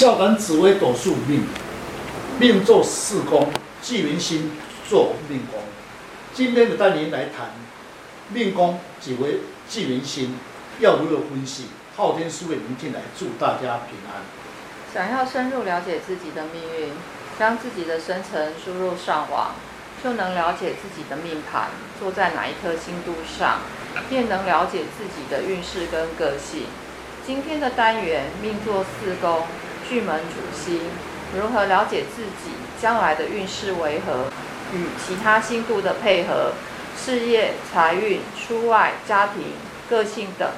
笑談紫微斗數命，命做，命坐巳宮巨門星坐命宮。今天的單元來談命宮即為巨門星要如何分析？昊天書院進來祝大家平安。想要深入了解自己的命運，將自己的生辰輸入上網，就能了解自己的命盤坐在哪一顆星度上，便能了解自己的運勢跟個性。今天的單元命坐巳宮巨門主星如何了解自己將來的運勢為何？與其他星度的配合，事業、財運、出外、家庭、個性等。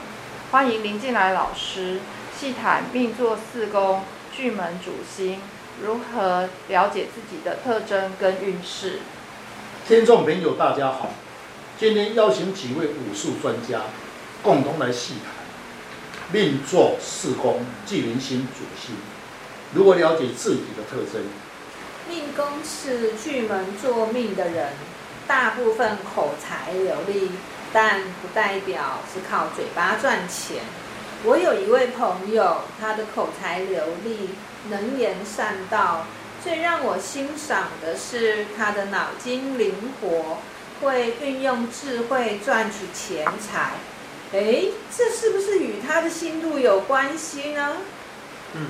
歡迎林進來老師細談命坐巳宮巨門主星如何了解自己的特徵跟運勢。聽眾朋友，大家好，今天邀請幾位武術專家共同來細談命坐巳宮巨門星主星。如果了解自己的特徵，命宮是巨門坐命的人，大部分口才流利，但不代表是靠嘴巴賺錢。我有一位朋友，他的口才流利，能言善道，最讓我欣賞的是他的腦筋靈活，會運用智慧賺取錢財。哎、欸，這是不是與他的星度有關係呢？嗯。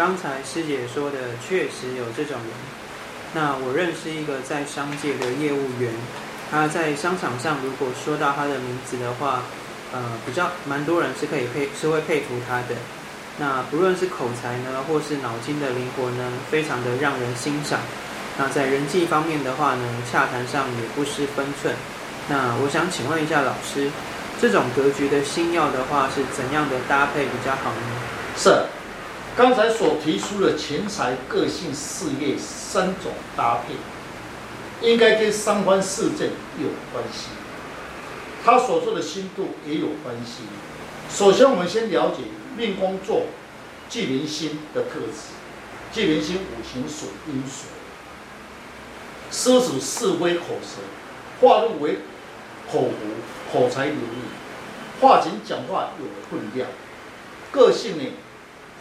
剛才師姐說的確實有這種人，那我認識一個在商界的業務員，他在商場上如果說到他的名字的話，呃，比較蠻多人是可以配是會佩服他的。那不論是口才呢，或是腦筋的靈活呢，非常的讓人欣賞。那在人際方面的話呢，洽談上也不失分寸。那我想請問一下老師，這種格局的星曜的話是怎樣的搭配比較好呢？是。剛才所提出的錢財、個性、事業三種搭配，應該跟三方四正有關係。他所說的星度也有關係。首先，我們先了解命宮坐巨門星的特質。巨門星五行屬陰水，所屬是非、口舌，化祿，為口福，口才流利，化權，講話有了分量。個性呢？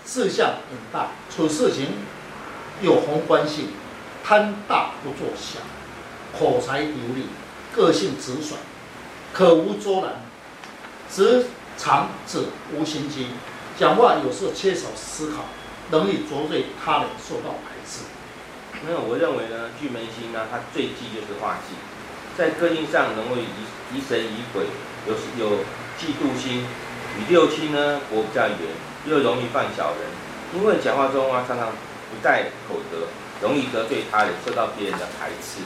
志向很大，處事情有宏觀性，貪大不作小，口才流利，個性直爽，口無遮攔，直腸子無心機，講話有時候缺少思考，容易得罪他人，受到排斥。那我認為呢，巨門星呢、啊，它最忌就是化忌，在個性上能夠疑疑神疑鬼，有有嫉妒心，與六親呢，國比較遠。又容易犯小人，因為講話中啊常常不在口德，容易得罪他人，受到別人的排斥。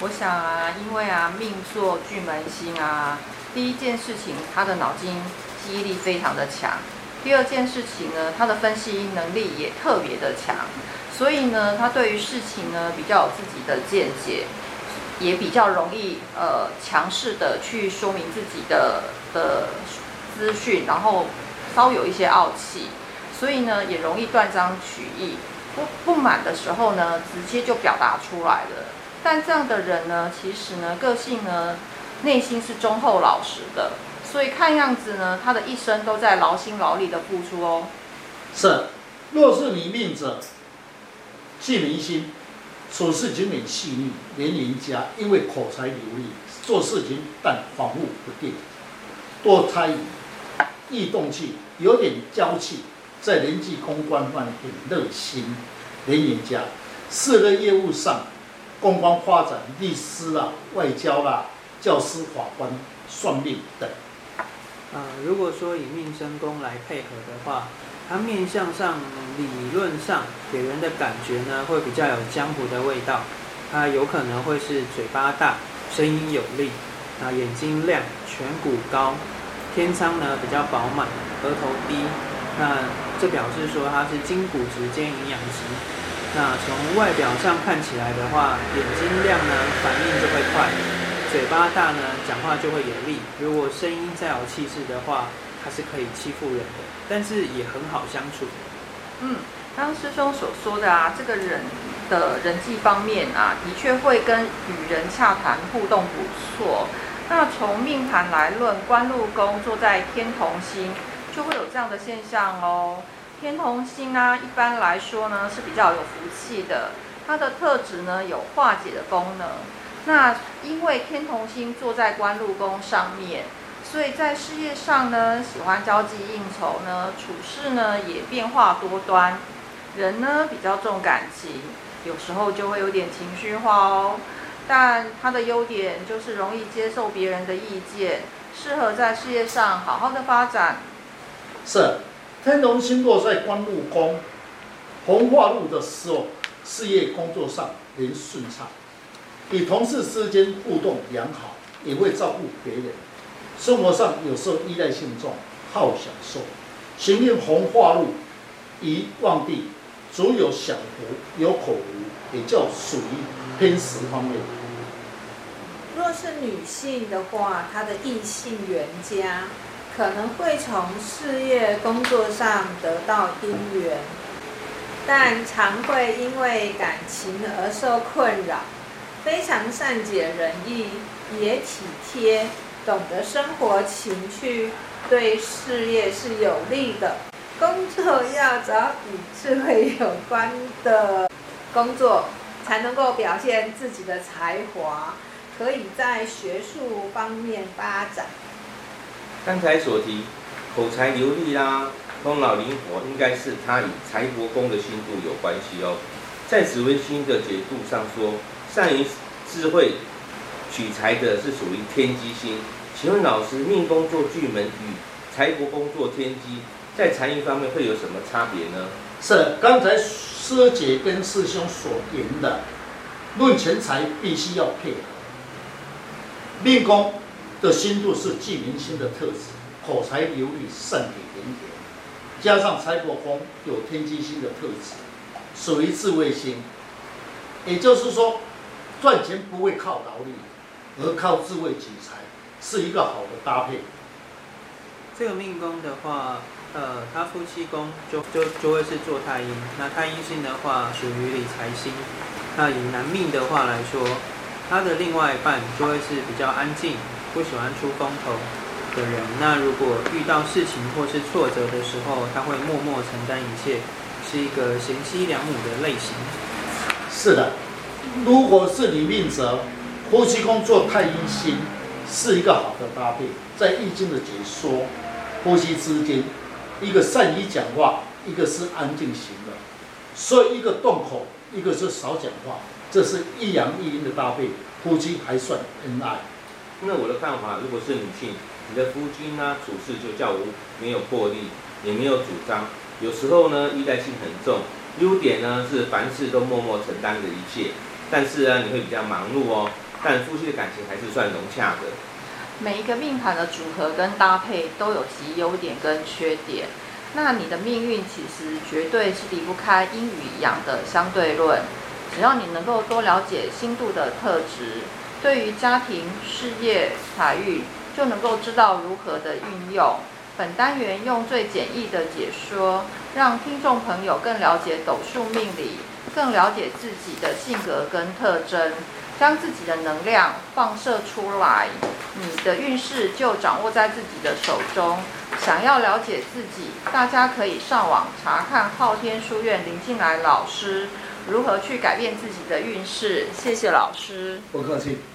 我想啊，因為啊命坐巨門星啊，第一件事情他的腦筋記憶力非常的強，第二件事情呢，他的分析能力也特別的強，所以呢，他對於事情呢比較有自己的見解，也比較容易呃強勢的去說明自己的的資訊，然後。稍有一些傲氣，所以呢也容易斷章取義。不不滿的時候呢，直接就表達出來了。但這樣的人呢，其實呢個性呢內心是忠厚老實的。所以看樣子呢，他的一生都在勞心勞力的付出哦。是，若是女命者，記民心，處事精敏細膩，年齡家，因為口才流利，做事情但反復不定，多猜疑。易動氣，有點嬌氣，在人際公關方面很熱心、能言佳。適合業務上、公關發展、律師啊、外交啦、啊、教師、法官、算命等。啊、呃，如果說以命生宮來配合的話，他面相上理論上給人的感覺呢，會比較有江湖的味道。他有可能會是嘴巴大、聲音有力、啊眼睛亮、顴骨高。天倉呢比較飽滿，額頭低，那這表示說它是筋骨質兼營養質。那從外表上看起來的話，眼睛亮呢反應就會快，嘴巴大呢講話就會有力。如果聲音再有氣勢的話，它是可以欺負人的，但是也很好相處。嗯，剛剛師兄所說的啊，這個人的人際方面啊，的確會跟與人洽談互動不錯。那從命盤來論，官祿宮坐在天同星，就會有這樣的現象哦。天同星啊，一般來說呢是比較有福氣的，它的特質呢有化解的功能。那因為天同星坐在官祿宮上面，所以在事業上呢喜歡交際應酬呢，處事呢也變化多端，人呢比較重感情，有時候就會有點情緒化哦。但他的優點就是容易接受別人的意見，適合在事業上好好的發展。是，天同星落在官祿宮，紅化祿的時候，事業工作上很順暢，與同事之間互動良好，也會照顧別人。生活上有時候依賴性重，好享受。行運紅化祿，宜旺地，足有享福，有口福。也比較屬於偏食方面。若是女性的話，她的異性緣佳，可能會從事業工作上得到姻緣，但常會因為感情而受困擾。非常善解人意，也體貼，懂得生活情趣，對事業是有利的。工作要找與智慧有關的。工作才能夠表現自己的才華，可以在學術方面發展。剛才所提口才流利啦、啊，頭腦靈活，應該是他與財帛宮的星度有關係哦。在紫微星的解讀上說，善於智慧取財的是屬於天機星。請問老師，命宮坐巨門與財帛宮坐天機，在財運方面會有什麼差別呢？是剛才。師姐跟師兄所言的，論錢財必須要配合，命宮的星度是巨門星的特質，口才流利，善解人意，加上財帛宮有天機星的特質，屬於智慧星。也就是說，賺錢不會靠勞力，而靠智慧取財，是一個好的搭配。這個命宮的話，呃，他夫妻宮就就就會是坐太陰，那太陰星的話屬於理財星。那以男命的話來說，他的另外一半就會是比較安靜，不喜歡出風頭的人。那如果遇到事情或是挫折的時候，他會默默承擔一切，是一個賢妻良母的類型。是的，如果是女命則夫妻宮坐太陰星是一個好的搭配，在易經的解說。夫妻之間，一個善於講話，一個是安靜型的，所以一個動口，一個是少講話，這是一陽一陰的搭配，夫妻還算恩愛。那我的看法，如果是女性，你的夫君呢、啊，處事就較無沒有魄力，也沒有主張，有時候呢依賴性很重，優點呢是凡事都默默承擔的一切，但是啊你會比較忙碌哦，但夫妻的感情還是算融洽的。每一個命盤的組合跟搭配都有其優點跟缺點，那你的命運其實絕對是離不開陰與陽一樣的相對論。只要你能夠多了解星度的特質，對於家庭、事業、財運就能夠知道如何的運用。本單元用最簡易的解說，讓聽眾朋友更了解斗數命理，更了解自己的性格跟特徵。將自己的能量放射出來，你的運勢就掌握在自己的手中。想要了解自己，大家可以上網查看昊天書院林進來老師如何去改變自己的運勢。謝謝老師，不客氣。